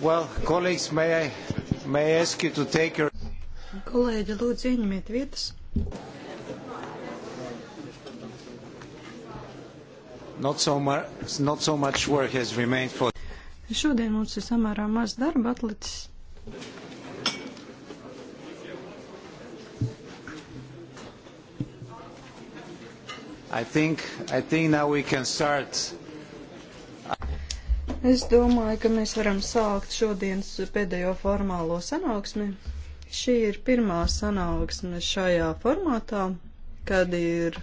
Well, colleagues, may I, may I ask you to take your... Kolēģi, lūdzu, ieņemiet vietas. Not so, much, not so much work has remained for... Šodien mums ir samērā maz darba atlicis. I think, I think now we can start Es domāju, ka mēs varam sākt šodienas pēdējo formālo sanāksmi. Šī ir pirmā sanāksme šajā formātā, kad ir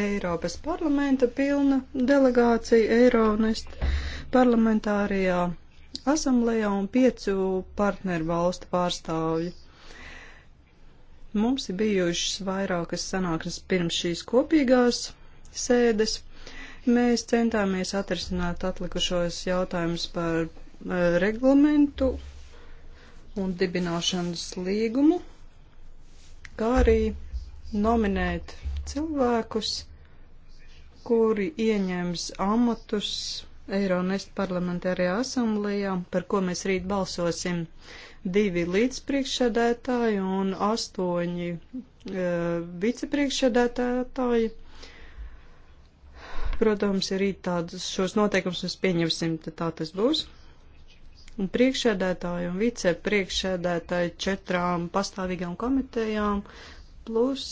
Eiropas parlamenta pilna delegācija Eironest parlamentārajā asamblējā un piecu partneru valstu pārstāvju. Mums ir bijušas vairākas sanāksmes pirms šīs kopīgās sēdes mēs centāmies atrisināt atlikušos jautājumus par e, reglamentu un dibināšanas līgumu, kā arī nominēt cilvēkus, kuri ieņems amatus Eironest parlamentārajā asamblējā, par ko mēs rīt balsosim divi līdzpriekšsēdētāji un astoņi e, vicepriekšsēdētāji. Protams, arī tādus šos noteikumus mēs pieņemsim, tad tā tas būs. Un priekšēdētāji un vicepriekšēdētāji četrām pastāvīgām komitejām plus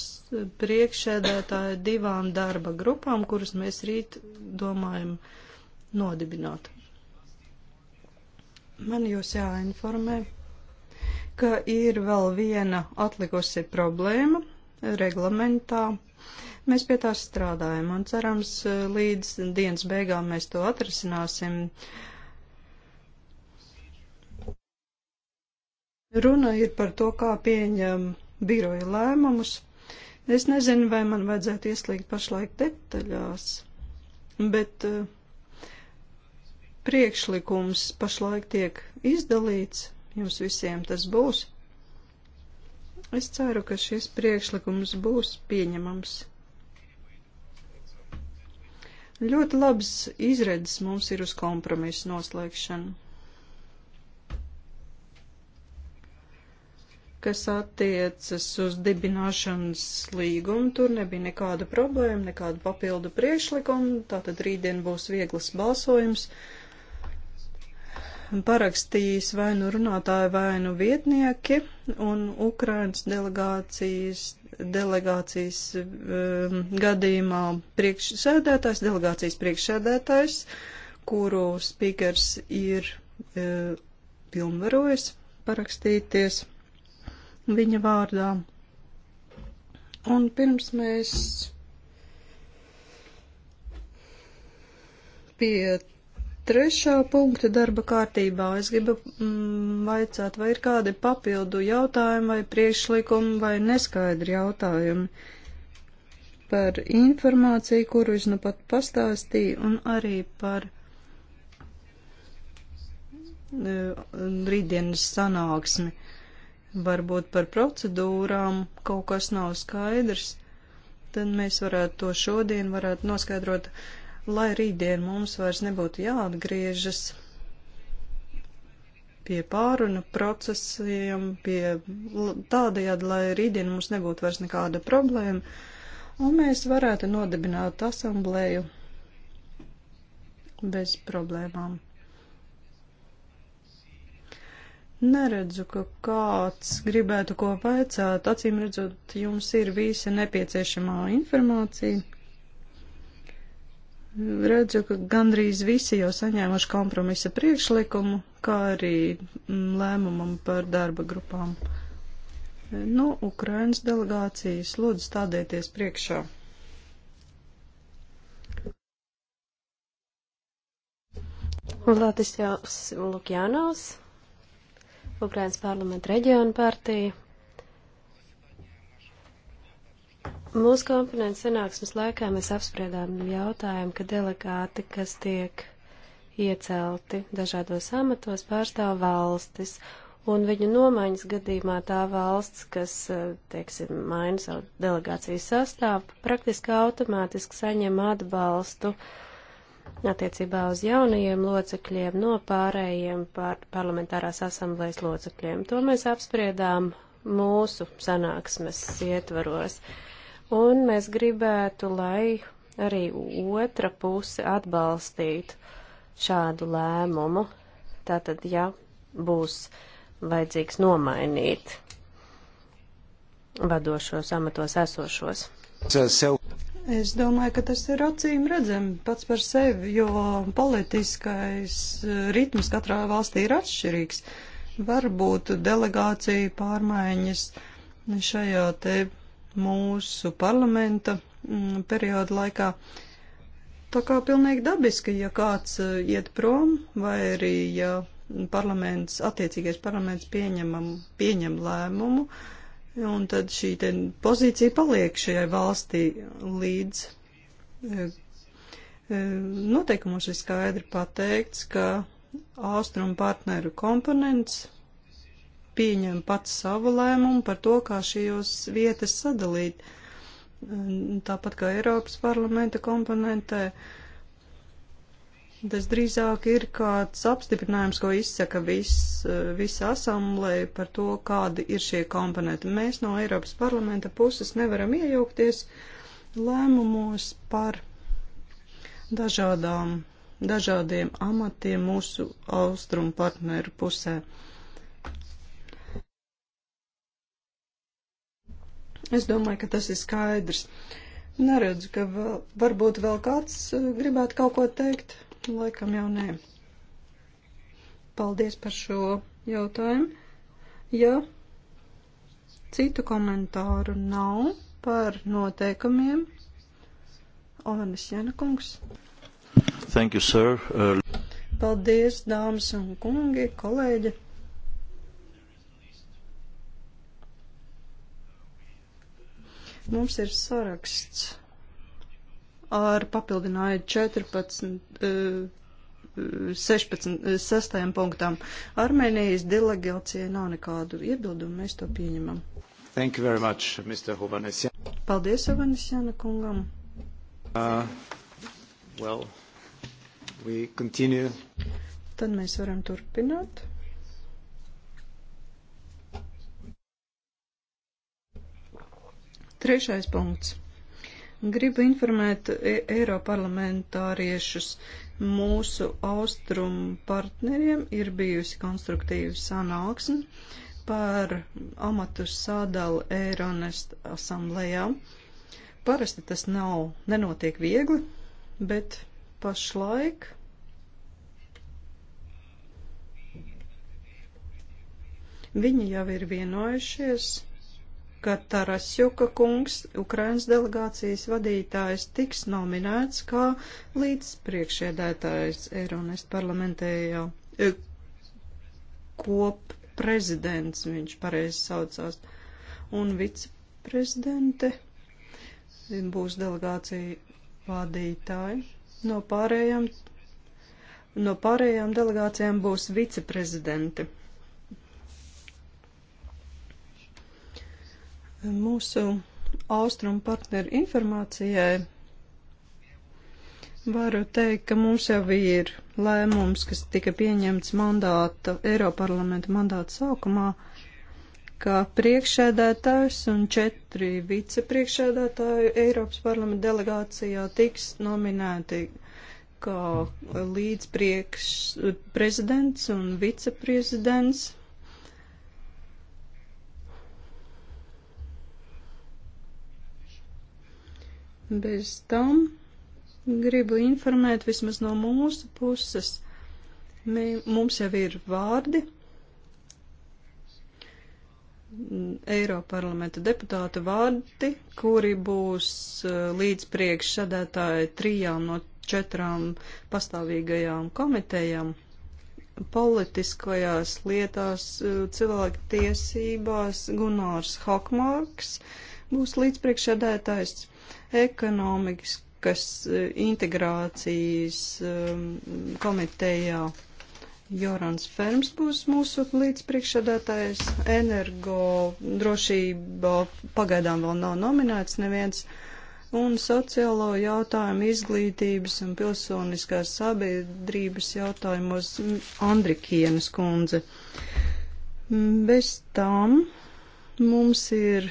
priekšēdētāji divām darba grupām, kuras mēs rīt domājam nodibināt. Man jūs jāinformē, ka ir vēl viena atlikusi problēma reglamentā Mēs pie tā strādājam un cerams, e, līdz dienas beigām mēs to atrisināsim. Runa ir par to, kā pieņem biroja lēmumus. Es nezinu, vai man vajadzētu ieslīgt pašlaik detaļās, bet e, priekšlikums pašlaik tiek izdalīts, jums visiem tas būs. Es ceru, ka šis priekšlikums būs pieņemams. Ļoti labs izredzes mums ir uz kompromisu noslēgšanu. Kas attiecas uz dibināšanas līgumu, tur nebija nekāda problēma, nekāda papildu priekšlikuma, tātad rītdien būs vieglas balsojums. Uh, parakstījis vai nu runātāji, vai nu vietnieki, un Ukrainas delegācijas, delegācijas um, gadījumā priekšsēdētājs, delegācijas priekšsēdētājs, kuru spīkers ir uh, pilnvarojis parakstīties viņa vārdā. Un pirms mēs pie trešā punkta darba kārtībā es gribu mm, vaicāt, vai ir kādi papildu jautājumi vai priekšlikumi vai neskaidri jautājumi par informāciju, kuru es nu pat pastāstīju, un arī par e, rītdienas sanāksmi. Varbūt par procedūrām kaut kas nav skaidrs, tad mēs varētu to šodien varētu noskaidrot. Uh, lai rītdien mums vairs nebūtu jāatgriežas pie pāruna procesiem, pie tādajādi, lai rītdien mums nebūtu vairs nekāda problēma, un mēs varētu nodibināt asamblēju bez problēmām. Neredzu, ka kāds gribētu ko paicāt, acīm redzot, jums ir visa nepieciešamā informācija. Redzu, ka gandrīz visi jau saņēmuši kompromisa priekšlikumu, kā arī mm, lēmumam par darba grupām. No nu, Ukrainas delegācijas lūdzu stādēties priekšā. Latvijas Lukjanovs, Ukrainas parlamenta reģiona partija, Mūsu komponents sanāksmes laikā mēs apspriedām jautājumu, ka delegāti, kas tiek iecelti dažādos amatos, pārstāv valstis, un viņu nomaiņas gadījumā tā valsts, kas, eh, teiksim, maina savu delegācijas sastāvu, praktiski automātiski saņem atbalstu attiecībā uz jaunajiem locekļiem no pārējiem par parlamentārās asamblējas locekļiem. To mēs apspriedām mūsu sanāksmes ietvaros. Uh, un mēs gribētu, lai arī otra puse atbalstītu šādu lēmumu. Tātad, ja būs vajadzīgs nomainīt vadošos amatos esošos. Es domāju, ka tas ir acīm redzami pats par sevi, jo politiskais eh, ritms katrā valstī ir atšķirīgs. Varbūt delegācija pārmaiņas šajā te mūsu parlamenta mm, perioda laikā. Tā kā pilnīgi dabiski, ja kāds e, iet prom, vai arī ja parlaments, attiecīgais parlaments pieņemam, pieņem lēmumu, un tad šī pozīcija paliek šajai valstī līdz e, e, noteikumos ir skaidri pateikts, ka austrumu partneru komponents pieņem pats savu lēmumu par to, kā šīs vietas sadalīt. Tāpat kā Eiropas parlamenta komponentē, tas drīzāk ir kāds apstiprinājums, ko izsaka viss, visa asamblēja par to, kādi ir šie komponenti. Mēs no Eiropas parlamenta puses nevaram iejaukties lēmumos par dažādām dažādiem amatiem mūsu austrumu partneru pusē. Es domāju, ka tas ir skaidrs. Neredzu, ka vēl, varbūt vēl kāds eh, gribētu kaut ko teikt. Laikam jau nē. Paldies par šo jautājumu. Ja citu komentāru nav par noteikumiem, Olenis Janakungs. Thank you, sir. Uh... Paldies, dāmas un kungi, kolēģi. Mums ir saraksts ar papildināju 14, 16, 6 punktām. Armēnijas delegācijai nav nekādu iebildumu, mēs to pieņemam. Thank you very much, Mr. Hovanesjan. Paldies, Hovanesjana kungam. Uh, well, we continue. Tad mēs varam turpināt. Trešais punkts. Gribu informēt e- Eiroparlamentāriešus. Mūsu austrumu partneriem ir bijusi konstruktīva sanāksme par amatu sādalu Eironest asamblējā. Parasti tas nav, nenotiek viegli, bet pašlaik viņi jau ir vienojušies ka Tarasjuka kungs, Ukrainas delegācijas vadītājs, tiks nominēts kā līdzpriekšēdētājs Eironest parlamentējā e, kopprezidents, viņš pareizi saucās, un viceprezidente būs delegācija vadītāji. No pārējām, no pārējām delegācijām būs viceprezidenti. mūsu austrumu partneru informācijai varu teikt, ka mums jau ir lēmums, kas tika pieņemts mandāta, Eiroparlamenta mandāta sākumā, ka priekšēdētājs un četri vicepriekšēdētāju Eiropas parlamenta delegācijā tiks nominēti kā līdz priekš prezidents un viceprezidents Bez tam gribu informēt vismaz no mūsu puses. Mē, mums jau ir vārdi Eiroparlamenta deputāta vārdi, kuri būs eh, līdz priekšsēdētāji trijām no četrām pastāvīgajām komitejām politiskajās lietās, eh, cilvēku tiesībās Gunārs Hokmārks, būs līdzpriekšēdētājs ekonomikas eh, integrācijas ehm, komitejā. Jorans Ferms būs mūsu līdzpriekšsēdētājs. Energo drošība pagaidām vēl nav nominēts neviens. Un sociālo jautājumu izglītības un pilsoniskās sabiedrības jautājumos Andrikienas kundze. Bez tām mums ir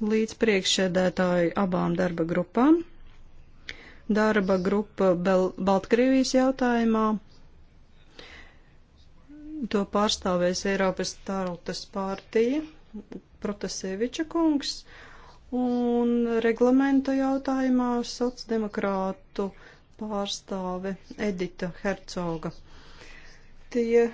līdz priekšsēdētāju abām darba grupām. Darba grupa Bel Baltkrievijas jautājumā. To pārstāvēs Eiropas tautas partija, Protaseviča kungs, un reglamenta jautājumā sociāldemokrātu pārstāve Edita Hercoga. Tie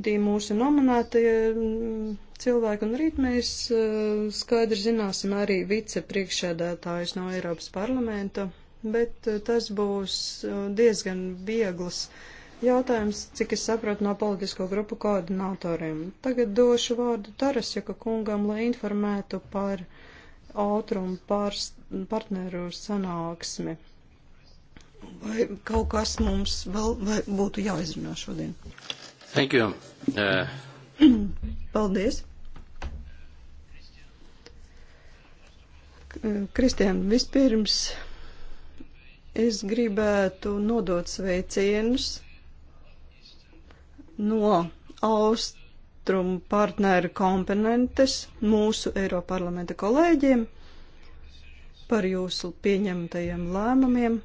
divi mūsu nominētie mm, cilvēki, un rīt mēs eh, skaidri zināsim arī vicepriekšēdētājus no Eiropas parlamenta, bet eh, tas būs eh, diezgan viegls jautājums, cik es sapratu no politisko grupu koordinatoriem. Tagad došu vārdu Tarasjaka kungam, lai informētu par ātrumu partneru sanāksmi. Vai kaut kas mums vēl būtu jāizrunā šodien? Thank you. Uh... Paldies. Kristian, vispirms es gribētu nodot sveicienus no austrumu partneru komponentes mūsu Eiroparlamenta kolēģiem par jūsu pieņemtajiem lēmumiem.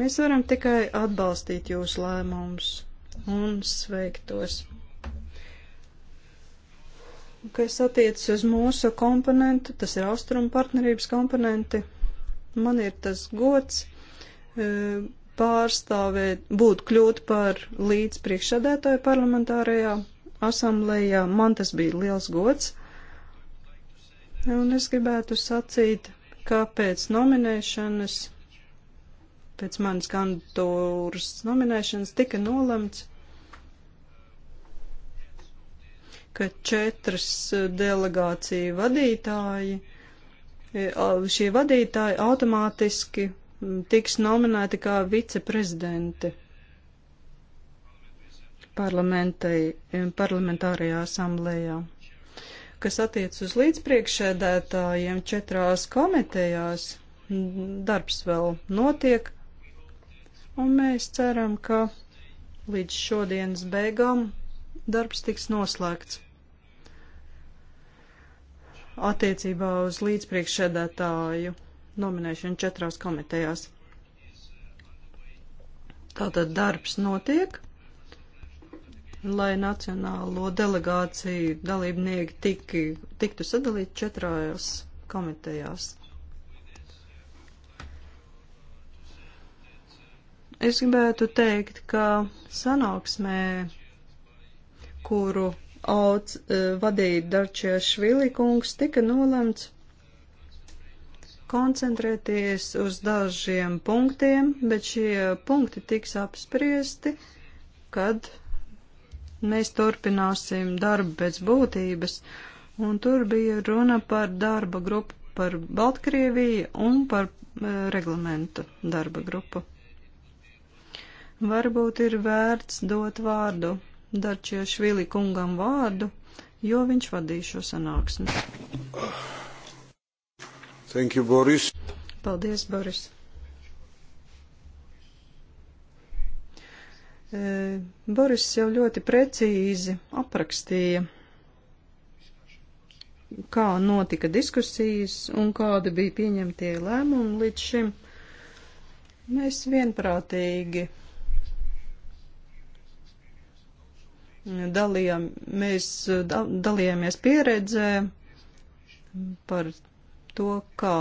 Mēs varam tikai atbalstīt jūsu lēmumus un sveiktos. Kas attiecas uz mūsu komponentu, tas ir austrumu partnerības komponenti. Man ir tas gods e, pārstāvēt, būt kļūt par līdzpriekšsēdētāju parlamentārajā asamblējā. Man tas bija liels gods. Un es gribētu sacīt, ka pēc nominēšanas pēc manas kandidatūras nominēšanas tika nolemts, ka četras e, delegāciju vadītāji, e, šie vadītāji automātiski tiks nominēti kā viceprezidenti e, parlamentārajā asamblējā. Kas attiec uz līdzpriekšēdētājiem četrās komitejās, darbs vēl notiek, un mēs ceram, ka līdz šodienas beigām darbs tiks noslēgts. Attiecībā uz līdzpriekšsēdētāju nominēšanu četrās komitejās. Tātad darbs notiek, lai nacionālo delegāciju dalībnieki tiki, tiktu sadalīti četrās komitejās. Es gribētu teikt, ka sanāksmē, kuru auc, e, vadīja Darčie Švilikungs, tika nolemts koncentrēties uz dažiem punktiem, bet šie punkti tiks apspriesti, kad mēs turpināsim darbu pēc būtības. Un tur bija runa par darba grupu par Baltkrieviju un par e, reglamentu darba grupu. Varbūt ir vērts dot vārdu Darčiešvili kungam vārdu, jo viņš vadīs šo sanāksmi. Thank you, Boris. Paldies, Boris. E, Boris jau ļoti precīzi aprakstīja, kā notika diskusijas un kādi bija pieņemtie lēmumi līdz šim. Mēs vienprātīgi dalījām, mēs eh, dalījāmies pieredzē par to, kā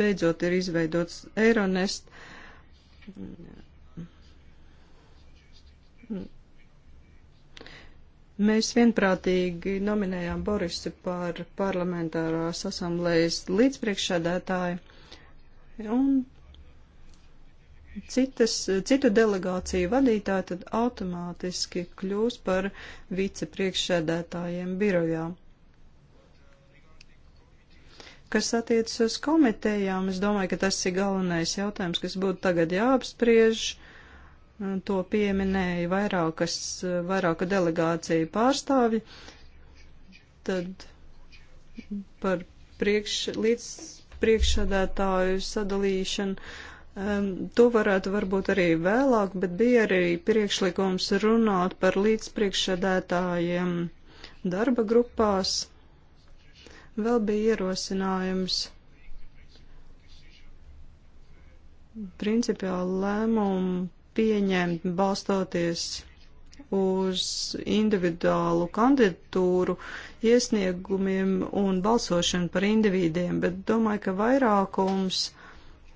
beidzot ir izveidots Eironest. Mēs vienprātīgi nominējām Borisu par parlamentārās asamblējas līdzpriekšsēdētāju, un citas, citu delegāciju vadītāji tad automātiski kļūs par vicepriekšsēdētājiem birojā. Kas attiecas uz komitejām, es domāju, ka tas ir galvenais jautājums, kas būtu tagad jāapspriež. To pieminēja vairākas, vairāka delegācija pārstāvi. Tad par priekš, līdz priekšsēdētāju sadalīšanu Um, to varētu varbūt arī vēlāk, bet bija arī priekšlikums runāt par līdzpriekšsēdētājiem darba grupās. Vēl bija ierosinājums principiāli lēmumu pieņemt balstoties uz individuālu kandidatūru iesniegumiem un balsošanu par individiem, bet domāju, ka vairākums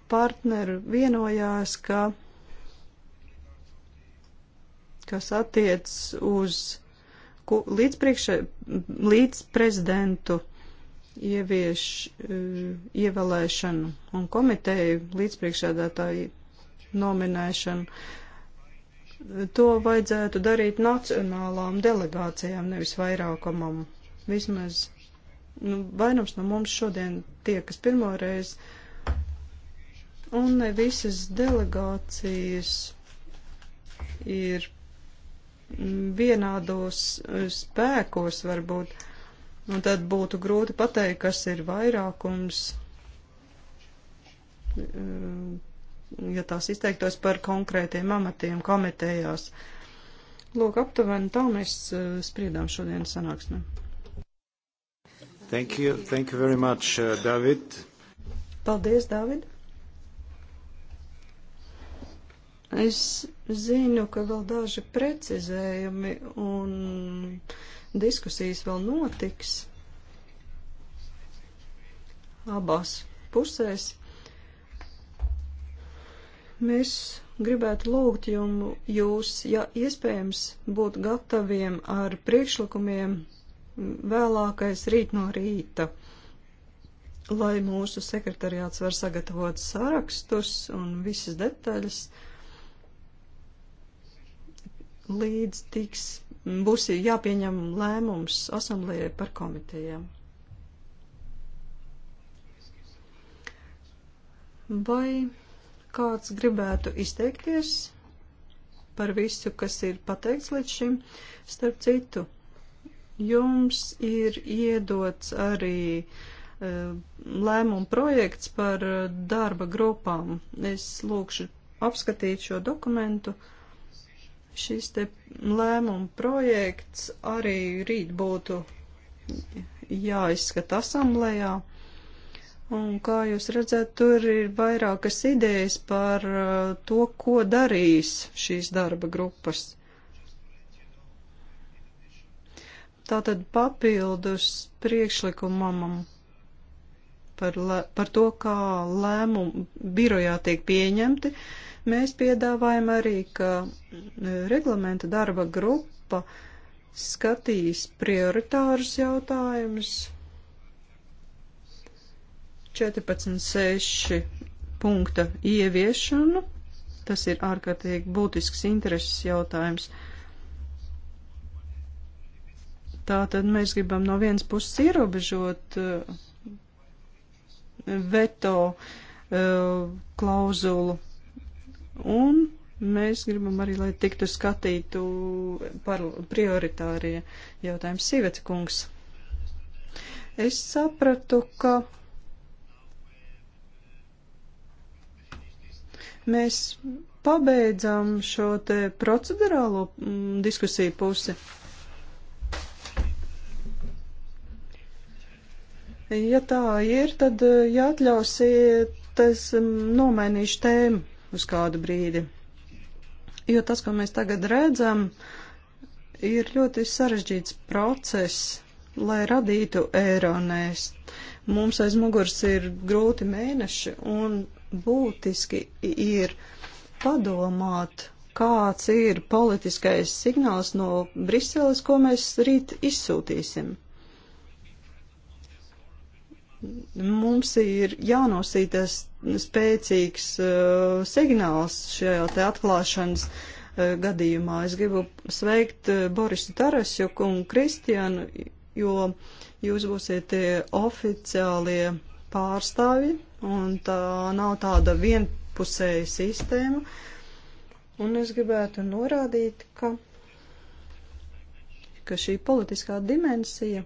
partneri vienojās, ka kas attiec uz līdz, priekšē, līdz prezidentu ievieš, eh, ievēlēšanu un komiteju līdzpriekšēdētāju nominēšanu. To vajadzētu darīt nacionālām delegācijām, nevis vairākumam. Vismaz nu, vairums no mums šodien tie, kas pirmoreiz uh, un ne visas delegācijas ir vienādos eh, spēkos varbūt, un tad būtu grūti pateikt, kas ir vairākums, eh, ja tās izteiktos par konkrētiem amatiem komitejās. Lūk, aptuveni tā mēs eh, spriedām šodien sanāksmē. Thank you, thank you very much, uh, David. Paldies, David. Es zinu, ka vēl daži precizējumi un diskusijas vēl notiks abās pusēs. Mēs gribētu lūgt jums, jūs, ja iespējams, būt gataviem ar priekšlikumiem vēlākais rīt no rīta, lai mūsu sekretariāts var sagatavot sarakstus un visas detaļas. Uh, līdz tiks, būs jāpieņem lēmums asamblējai par komitejām. Vai kāds gribētu izteikties par visu, kas ir pateikts līdz šim? Starp citu, jums ir iedots arī e, lēmuma projekts par darba grupām. Es lūkšu apskatīt šo dokumentu. Uh, Šis te lēmuma projekts arī rīt būtu jāizskata asamblējā. Un kā jūs redzat, tur ir vairākas idejas par uh, to, ko darīs šīs darba grupas. Tātad papildus priekšlikumam par, par to, kā lēmumu birojā tiek pieņemti. Mēs piedāvājam arī, ka e, reglamenta darba grupa skatīs prioritārus jautājumus 14.6 punkta ieviešanu. Tas ir ārkārtīgi būtisks intereses jautājums. Tātad mēs gribam no vienas puses ierobežot uh, veto uh, klauzulu. Un mēs gribam arī, lai tiktu skatītu par prioritārie jautājumi. Sīvets kungs. Es sapratu, ka mēs pabeidzam šo te procedurālo mm, diskusiju pusi. Ja tā ir, tad, eh, ja atļausiet, es mm, nomainīšu tēmu uz kādu brīdi. Jo tas, ko mēs tagad redzam, ir ļoti sarežģīts process, lai radītu eironēs. Mums aiz muguras ir grūti mēneši un būtiski ir padomāt, kāds ir politiskais signāls no Briseles, ko mēs rīt izsūtīsim. Mums ir jānosīta spēcīgs uh, signāls šajā te atklāšanas uh, gadījumā. Es gribu sveikt uh, Borisu Tarasju un Kristianu, jo jūs būsiet tie uh, oficiālie pārstāvji, un tā nav tāda vienpusēja sistēma. Un es gribētu norādīt, ka, ka šī politiskā dimensija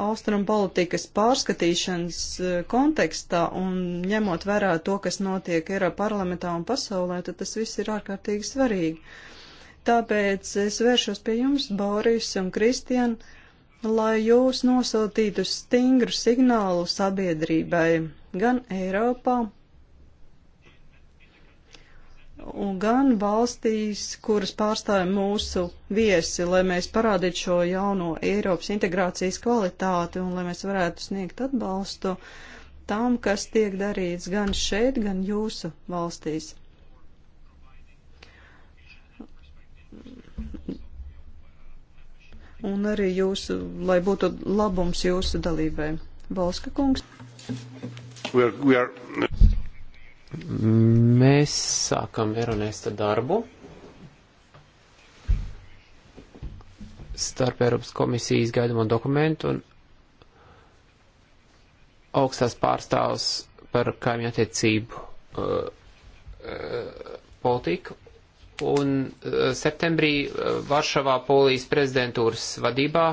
austrumu politikas pārskatīšanas eh, kontekstā un ņemot vērā to, kas notiek Eiropā parlamentā un pasaulē, tad tas viss ir ārkārtīgi svarīgi. Tāpēc es vēršos pie jums, Boris un Kristian, lai jūs nosūtītu stingru signālu sabiedrībai gan Eiropā, gan valstīs, kuras pārstāv mūsu viesi, lai mēs parādītu šo jauno Eiropas integrācijas kvalitāti un lai mēs varētu sniegt atbalstu tam, kas tiek darīts gan šeit, gan jūsu valstīs. Un arī jūsu, lai būtu labums jūsu dalībai. Valska kungs. We are, we are... Mēs sākam Veronēsta darbu starp Eiropas komisijas gaidamo dokumentu un augstās pārstāvs par kaimiņu attiecību uh, uh, politiku. Un uh, septembrī uh, Varšavā Polijas prezidentūras vadībā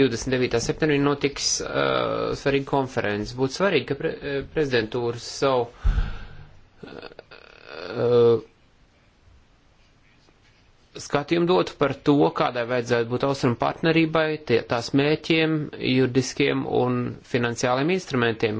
29. septembrī notiks uh, svarīga konferences. Būtu svarīgi, ka pre uh, prezidentūra savu uh, Uh, skatījumu dotu par to, kādai vajadzētu būt austrumu partnerībai, tie, tās mēķiem, juridiskiem un finansiāliem instrumentiem,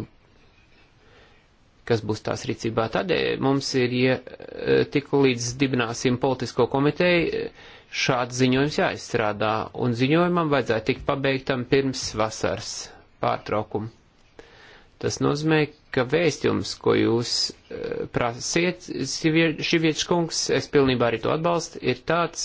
kas būs tās rīcībā. Tādēļ mums ir, ja eh, tiku līdz dibināsim politisko komiteju, eh, šāds ziņojums jāizstrādā, un ziņojumam vajadzētu tikt pabeigtam pirms vasaras pārtraukuma. Tas nozīmē, ka vēstījums, ko jūs eh, prasiet, šī vietas kungs, es pilnībā arī to atbalstu, ir tāds,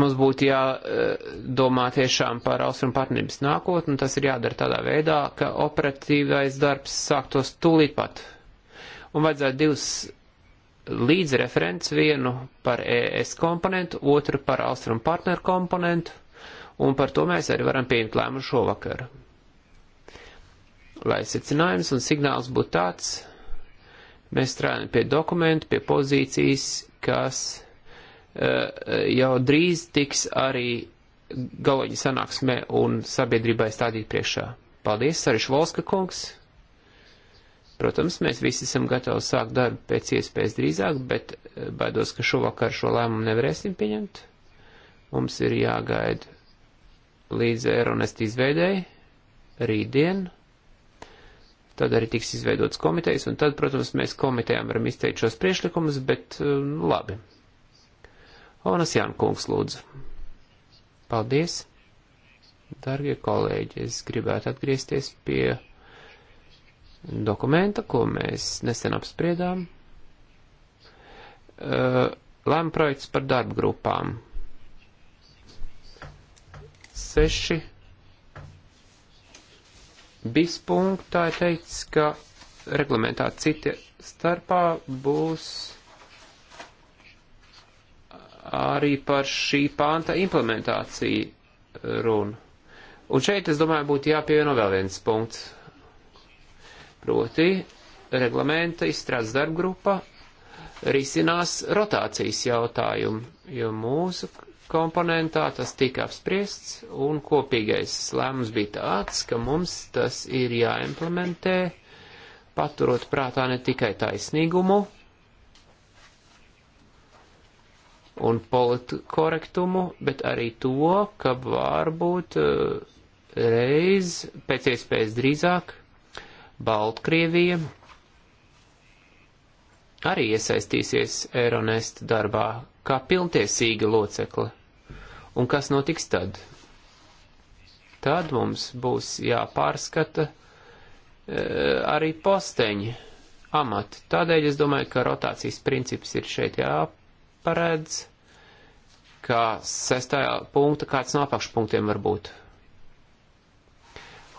mums būtu jādomā tiešām par austrumu partnerības nākotni, un tas ir jādara tādā veidā, ka operatīvais darbs sāktos tūlīt pat. Un vajadzētu divus līdzreferents, vienu par ES komponentu, otru par austrumu partneru komponentu un par to mēs arī varam pieņemt lēmumu šovakar. Lai secinājums un signāls būtu tāds, mēs strādājam pie dokumentu, pie pozīcijas, kas uh, jau drīz tiks arī galoģi sanāksmē un sabiedrībai stādīt priekšā. Paldies, Sariš Volska kungs! Protams, mēs visi esam gatavi sākt darbu pēc iespējas drīzāk, bet eh, baidos, ka šovakar šo lēmumu nevarēsim pieņemt. Mums ir jāgaida līdz Eironest izveidēji rītdien. Tad arī tiks izveidots komitejas, un tad, protams, mēs komitejām varam izteikt šos priešlikumus, bet nu, labi. Onas Jankungs lūdzu. Paldies! Dargie kolēģi, es gribētu atgriezties pie dokumenta, ko mēs nesen apspriedām. Uh, Lēma projekts par darba grupām. 6. Bis punktā ir teicis, ka reglamentā citi starpā būs arī par šī panta implementāciju runa. Un šeit, es domāju, būtu jāpievieno vēl viens punkts. Proti, reglamenta izstrādes darbgrupa risinās rotācijas jautājumu, jo mūsu komponentā, tas tika apspriests, un kopīgais lēmums bija tāds, ka mums tas ir jāimplementē, paturot prātā ne tikai taisnīgumu un politkorektumu, bet arī to, ka varbūt eh, reiz pēc iespējas drīzāk Baltkrievija arī iesaistīsies Eironest darbā, kā pilntiesīga locekle. Un kas notiks tad? Tad mums būs jāpārskata e, arī posteņi, amati. Tādēļ es domāju, ka rotācijas princips ir šeit jāparedz, kā sestajā punkta kāds no apakšpunktiem var būt.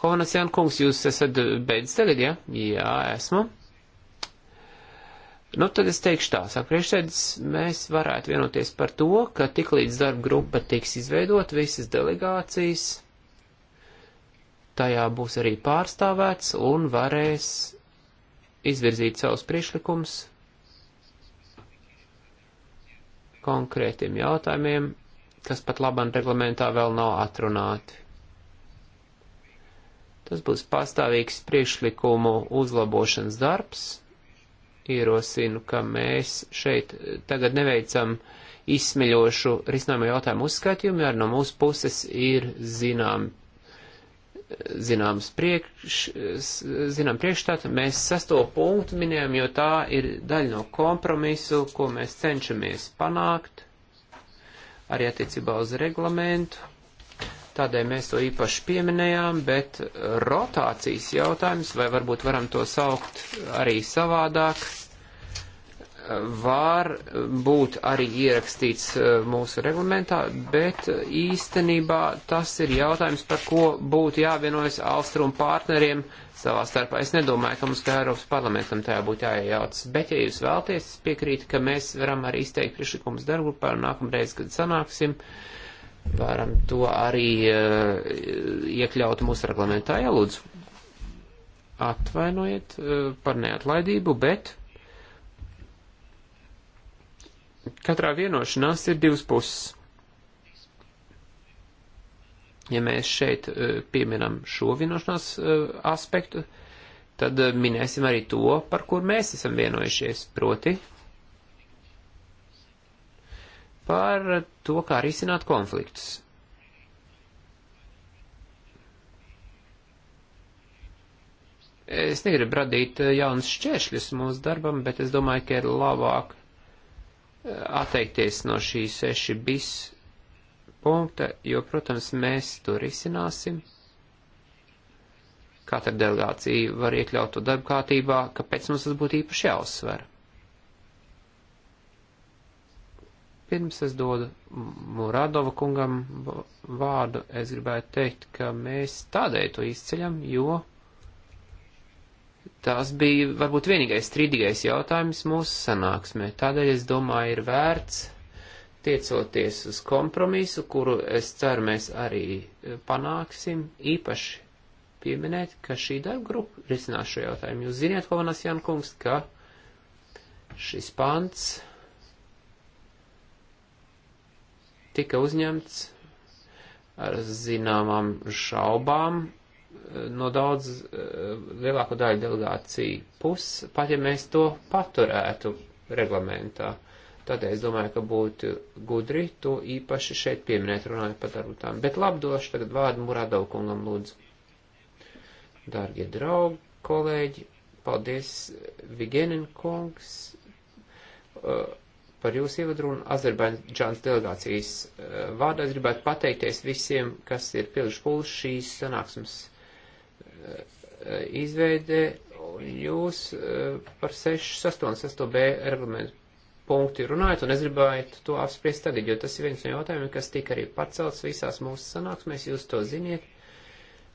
Hovanas Jankungs, jūs esat beidzis tagad, ja? Jā, esmu. Nu, tad es teikšu tā, saka priekšsēdis, mēs varētu vienoties par to, ka tiklīdz darba grupa tiks izveidot, visas delegācijas tajā būs arī pārstāvēts un varēs izvirzīt savus priekšlikumus konkrētiem jautājumiem, kas pat labam reglamentā vēl nav atrunāti. Tas būs pastāvīgs priekšlikumu uzlabošanas darbs ierosinu, ka mēs šeit tagad neveicam izsmeļošu risinājumu jautājumu uzskatījumu, jo no mūsu puses ir zinām, zināms priekš, zinām priekšstāta. Mēs sesto punktu minējam, jo tā ir daļa no kompromisu, ko mēs cenšamies panākt arī attiecībā uz reglamentu Tādēļ mēs to īpaši pieminējām, bet rotācijas jautājums, vai varbūt varam to saukt arī savādāk, var būt arī ierakstīts e, mūsu reglamentā, bet īstenībā tas ir jautājums, par ko būtu jāvienojas Alstrum partneriem savā starpā. Es nedomāju, ka mums kā Eiropas parlamentam tajā būtu jāiejaucas, bet ja jūs vēlties, es piekrītu, ka mēs varam arī izteikt priekšlikumus darbu par nākamreiz, kad sanāksim. Uh, varam to arī eh, iekļaut mūsu reglamentā. Jā, lūdzu, atvainojiet eh, par neatlaidību, bet katrā vienošanās ir divas puses. Ja mēs šeit eh, pieminam šo vienošanās aspektu, tad minēsim arī to, par kur mēs esam vienojušies, proti par to, kā risināt konfliktus. Es negribu radīt eh, jaunas šķēršļus mūsu darbam, bet es domāju, ka ir labāk eh, atteikties no šī seši bis punkta, jo, protams, mēs to risināsim. Katra delegācija var iekļaut to darbkārtībā, kāpēc mums tas būtu īpaši jāuzsver. Pirms es dodu Muradova kungam vārdu, es gribētu teikt, ka mēs tādēļ to izceļam, jo tas bija varbūt vienīgais strīdīgais jautājums mūsu sanāksmē. Tādēļ es domāju, ir vērts tiecoties uz kompromisu, kuru es ceru mēs arī e, panāksim, īpaši pieminēt, ka šī darba grupa risinās šo jautājumu. Jūs ziniet, Hovanas Jankungs, ka šis pants tika uzņemts ar zināmām šaubām eh, no daudz eh, lielāko daļu delegāciju puses, pat ja mēs to paturētu reglamentā. Tādēļ es domāju, ka būtu gudri to īpaši šeit pieminēt, runājot par darbu tām. Bet labdošu tagad vārdu Muradov kungam lūdzu. Dārgie draugi, kolēģi, paldies Vigenin kungs. Uh, par jūsu ievadu un Azerbaidžānas delegācijas eh, vārdā es gribētu pateikties visiem, kas ir pilši pūlis šīs sanāksmes eh, izveidē. Jūs eh, par 6.8.6b reglamentu punktu runājat, un es gribētu to apspriest tagad, jo tas ir viens no jautājumiem, kas tika arī pacelts visās mūsu sanāksmēs, jūs to ziniet,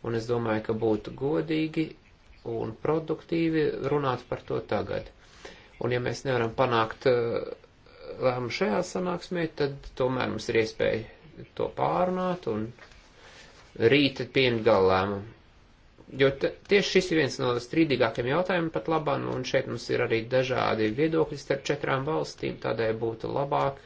un es domāju, ka būtu godīgi un produktīvi runāt par to tagad. Un ja mēs nevaram panākt uh, lēmumu šajā sanāksmē, tad tomēr mums ir iespēja to pārunāt un rīt pieņemt galu lēmumu. Jo tieši šis ir viens no strīdīgākiem jautājumiem pat labam, nu, un šeit mums ir arī dažādi viedokļi starp četrām valstīm, tādēļ būtu labāk.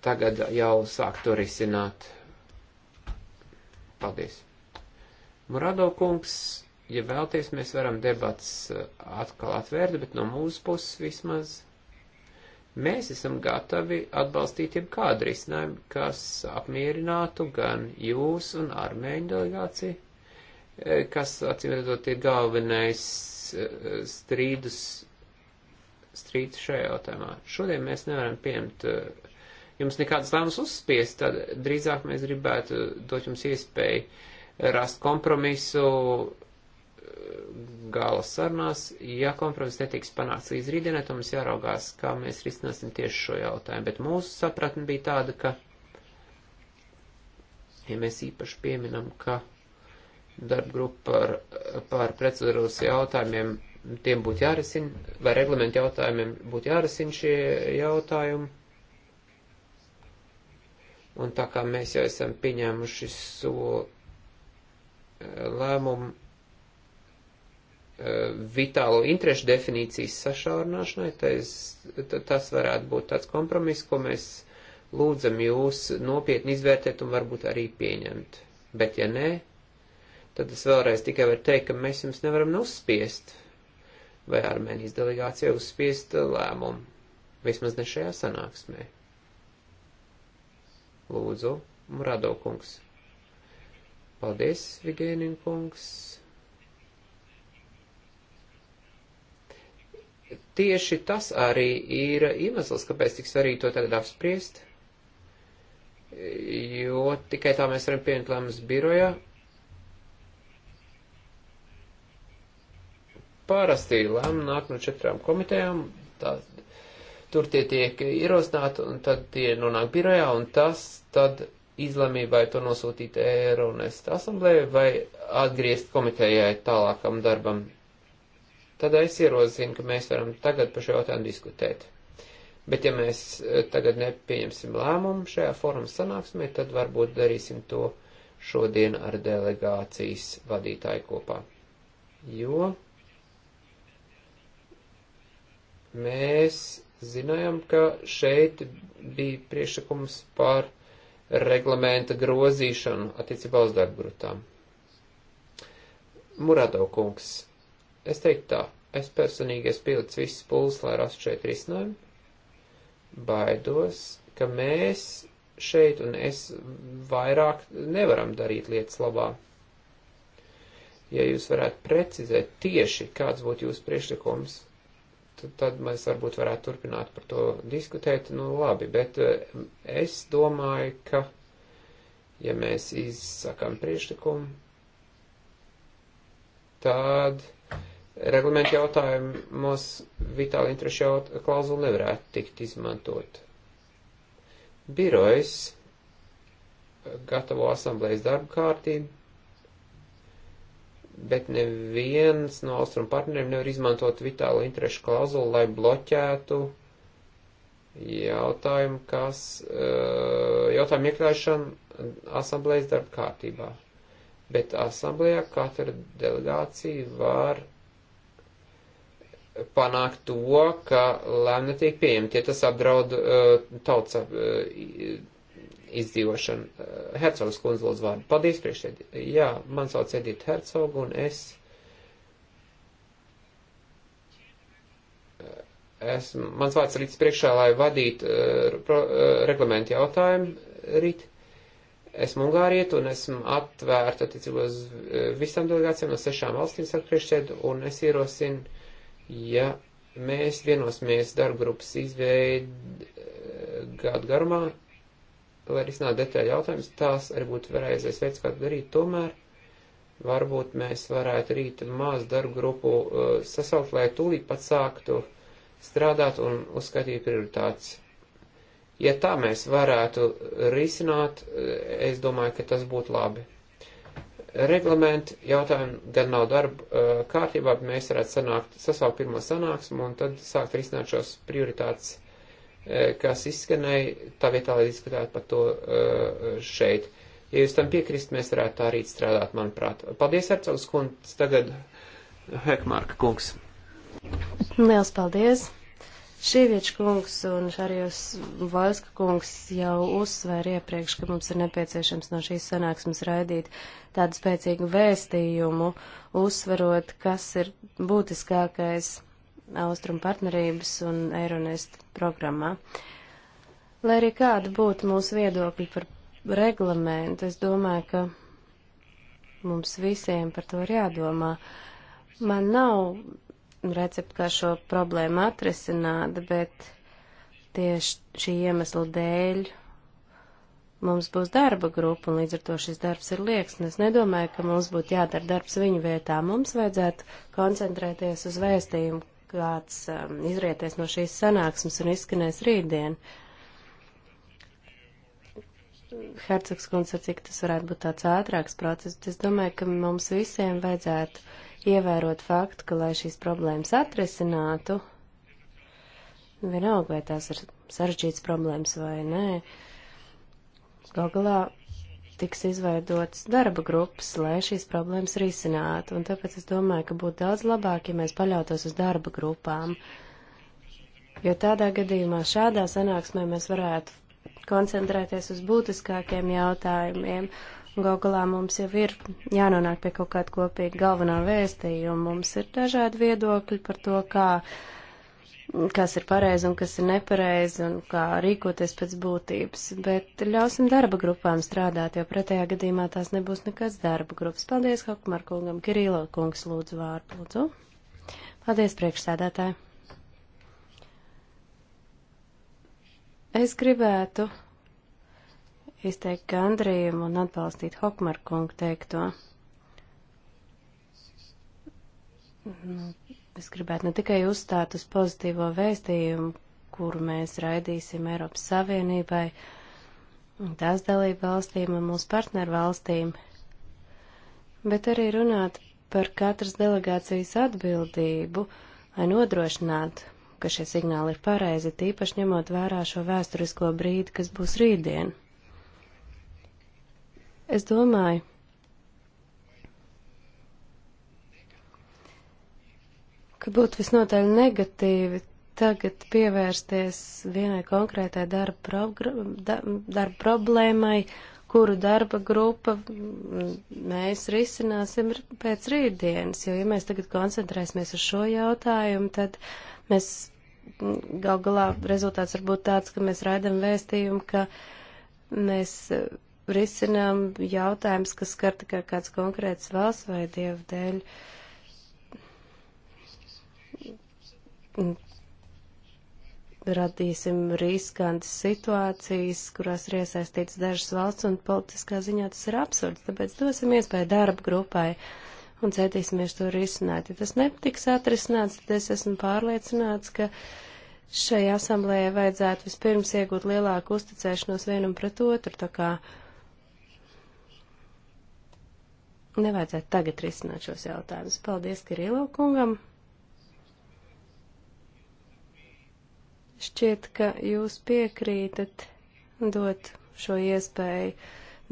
Tagad jau sāk to risināt. Paldies! Morado kungs, ja vēlties, mēs varam debats eh, atkal atvērt, bet no mūsu puses vismaz mēs esam gatavi atbalstīt jebkādu risinājumu, kas apmierinātu gan jūs un armēņu delegāciju, eh, kas, acīm redzot, ir galvenais eh, strīdus, strīdus šajā jautājumā. Šodien mēs nevaram pieņemt jums nekādas lēmumus uzspiest, tad drīzāk mēs gribētu dot jums iespēju rast kompromisu eh, gala sarunās. Ja kompromiss netiks panāks līdz rītdienai, tad mums jāraugās, kā mēs risināsim tieši šo jautājumu. Bet mūsu sapratne bija tāda, ka, ja mēs īpaši pieminam, ka darba grupa par, par precedūras jautājumiem, tiem būtu jārisina, vai reglamentu jautājumiem būtu jārisina šie jautājumi. Un tā kā mēs jau esam pieņēmuši soli lēmumu eh, vitālo interešu definīcijas sašaurināšanai, tas, tas varētu būt tāds kompromiss, ko mēs lūdzam jūs nopietni izvērtēt un varbūt arī pieņemt. Bet ja nē, tad es vēlreiz tikai varu teikt, ka mēs jums nevaram uzspiest vai Armēnijas delegācija uzspiest lēmumu. Vismaz ne šajā sanāksmē. Lūdzu, Murado kungs. Paldies, Vigēnin kungs. Tieši tas arī ir iemesls, kāpēc tik svarīgi to tagad apspriest, jo tikai tā mēs varam pieņemt lēmumus birojā. Parasti lēmumi nāk no četrām komitejām, tā, tur tie tiek ierosināti, un tad tie nonāk birojā, un tas tad izlemībai to nosūtīt Eironest asamblēju vai atgriezt komitejai tālākam darbam. Tad es ierozinu, ka mēs varam tagad par šo jautājumu diskutēt. Bet ja mēs eh, tagad nepieņemsim lēmumu šajā foruma sanāksmē, tad varbūt darīsim to šodien ar delegācijas vadītāju kopā. Jo mēs zinājām, ka šeit bija priešakums par reglamenta grozīšanu attiecībā uz darba grūtām. Murado kungs, es teiktu tā, es personīgi esmu pilicis visas pūles, lai rastu šeit risinājumu. Baidos, ka mēs šeit un es vairāk nevaram darīt lietas labā. Ja jūs varētu precizēt tieši, kāds būtu jūsu priekšlikums, tad mēs varbūt varētu turpināt par to diskutēt, nu labi, bet eh, es domāju, ka, ja mēs izsakām priekšlikumu, tad reglamentu jautājumos vitāli interešu jaut klauzulu nevarētu tikt izmantot. Birojs gatavo asamblējas darbu kārtību bet neviens no austrumu partneriem nevar izmantot vitālu interešu klauzulu, lai bloķētu jautājumu, kas, eh, jautājumu iekļaušanu asamblējas darba kārtībā. Bet asamblējā katra delegācija var panākt to, ka lēmumi netiek pieņemti, ja tas apdraud uh, eh, tautas uh, eh, izdzīvošanu. Hercogas kundze lūdzu vārdu. Paldies priekšēd. Jā, man sauc Edita Hercoga un es esmu, mans vārds rīts priekšā, lai vadītu uh, uh, reglamentu jautājumu rīt. Esmu Ungāriet un esmu atvērta attiecībā uz eh, visām delegācijām no sešām valstīm, saka priekšsēd, un es ierosinu, ja mēs vienosimies darba grupas izveidu gadu garumā, lai risināt detaļu jautājumus, tās arī būtu pareizais veids, kā to darīt. Tomēr varbūt mēs varētu rīt maz darbu grupu uh, sasaukt, lai tūlīt pat sāktu strādāt un uzskatīt prioritātes. Ja tā mēs varētu risināt, uh, es domāju, ka tas būtu labi. Reglamenti jautājumi gan nav darba uh, kārtībā, bet mēs varētu sanākt, sasaukt pirmo sanāksmu un tad sākt risināt šos prioritātes Eh, kas izskanēja, tā vietā, lai diskutētu par to eh, šeit. Ja jūs tam piekrist, mēs varētu tā rīt strādāt, manuprāt. Paldies, Ercogs kungs, tagad Hekmārka kungs. Liels paldies! Šīvieča kungs un Šarijos Valska kungs jau uzsvēra iepriekš, ka mums ir nepieciešams no šīs sanāksmes raidīt tādu spēcīgu vēstījumu, uzsverot, kas ir būtiskākais Austrum partnerības un Eironest programmā. Lai arī kāda būtu mūsu viedokļi par reglamentu, es domāju, ka mums visiem par to ir jādomā. Man nav recepta, kā šo problēmu atrisināt, bet tieši šī iemesla dēļ mums būs darba grupa, un līdz ar to šis darbs ir liekas. Es nedomāju, ka mums būtu jādara darbs viņu vietā. Mums vajadzētu koncentrēties uz vēstījumu, kāds um, izrietēs no šīs sanāksmes un izskanēs rītdien. Hercogs kundze, cik tas varētu būt tāds ātrāks process, bet es domāju, ka mums visiem vajadzētu ievērot faktu, ka, lai šīs problēmas atrisinātu, vienalga, vai tās ir sarežģītas problēmas vai nē, gal galā tiks izveidotas darba grupas, lai šīs problēmas risinātu. Un tāpēc es domāju, ka būtu daudz labāk, ja mēs paļautos uz darba grupām. Jo tādā gadījumā šādā sanāksmē mēs varētu koncentrēties uz būtiskākiem jautājumiem. Gogolā mums jau ir jānonāk pie kaut kāda kopīga galvenā vēstījuma. Mums ir dažādi viedokļi par to, kā uh, kas ir pareizi un kas ir nepareizi un kā rīkoties pēc būtības, bet ļausim darba grupām strādāt, jo pretējā gadījumā tās nebūs nekāds darba grupas. Paldies, Hokmar kungam, Kirīla kungs lūdzu vārdu, lūdzu. Paldies, priekšsēdētāji. Es gribētu izteikt gandrījumu un atbalstīt Hokmar kungu teikto. Nu, Es gribētu ne tikai uzstāt uz pozitīvo vēstījumu, kuru mēs raidīsim Eiropas Savienībai, tās dalību valstīm un mūsu partneru valstīm, bet arī runāt par katras delegācijas atbildību, lai nodrošinātu, ka šie signāli ir pareizi, tīpaši ņemot vērā šo vēsturisko brīdi, kas būs rītdien. Es domāju, ka būtu visnotaļ negatīvi tagad pievērsties vienai konkrētai darba, da, darba problēmai, kuru darba grupa mēs risināsim pēc rītdienas, jo ja mēs tagad koncentrēsimies uz šo jautājumu, tad mēs gal galā rezultāts var būt tāds, ka mēs raidam vēstījumu, ka mēs risinām jautājums, kas skar tikai kāds konkrēts valsts vai dievu dēļ. Uh, radīsim riskantas situācijas, kurās ir iesaistīts dažas valsts, un politiskā ziņā tas ir absurds. Tāpēc dosim iespēju darba grupai un centīsimies to risināt. Ja tas netiks atrisināts, tad es esmu pārliecināts, ka šai asamblējai vajadzētu vispirms iegūt lielāku uzticēšanos vienam pret otru, tā kā nevajadzētu tagad risināt šos jautājumus. Paldies Kirilo kungam! Šķiet, ka jūs piekrītat dot šo iespēju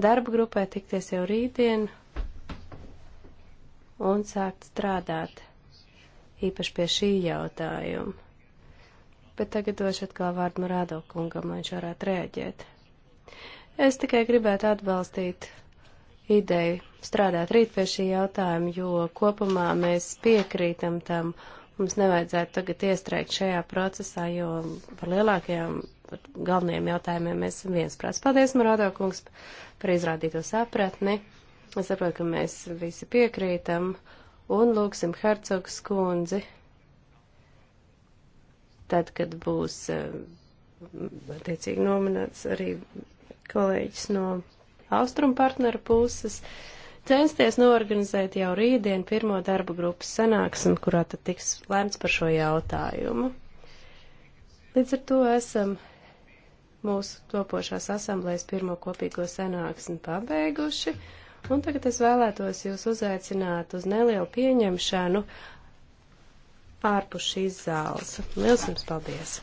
darba grupai tikties jau rītdien un sākt strādāt īpaši pie šī jautājuma. Bet tagad došu atkal vārdu Marādo kungam, lai viņš varētu rēģēt. Es tikai gribētu atbalstīt ideju strādāt rīt pie šī jautājuma, jo kopumā mēs piekrītam tam Mums nevajadzētu tagad iestrēgt šajā procesā, jo par lielākajām, par galvenajiem jautājumiem mēs esam viensprāts. Paldies, Marādo kungs, par izrādīto sapratni. Es saprotu, ka mēs visi piekrītam un lūksim Hercogs kundzi tad, kad būs eh, attiecīgi nominēts arī kolēģis no austrumu partneru puses. Uh, censties norganizēt jau rītdien pirmo darba grupas sanāksmi, kurā tad tiks lēmts par šo jautājumu. Līdz ar to esam mūsu topošās asamblējas pirmo kopīgo sanāksmi pabeiguši, un tagad es vēlētos jūs uzaicināt uz nelielu pieņemšanu ārpus šīs zāles. Liels jums paldies!